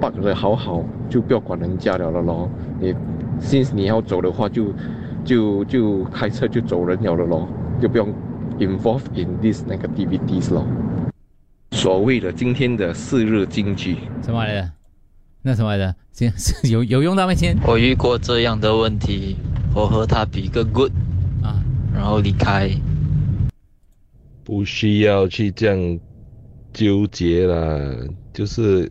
辦得好好，就不要管人家了了咯。你 since 你要走的話，就就就開車就走人了了咯，就不用 involve in this negativity 咯。 所謂的今天的四日禁忌，什麼來的？那什麼來的？先有有用到未先？我遇過這樣的問題，我和他比個 good 啊，然後離開，不需要去這樣糾結啦，就是。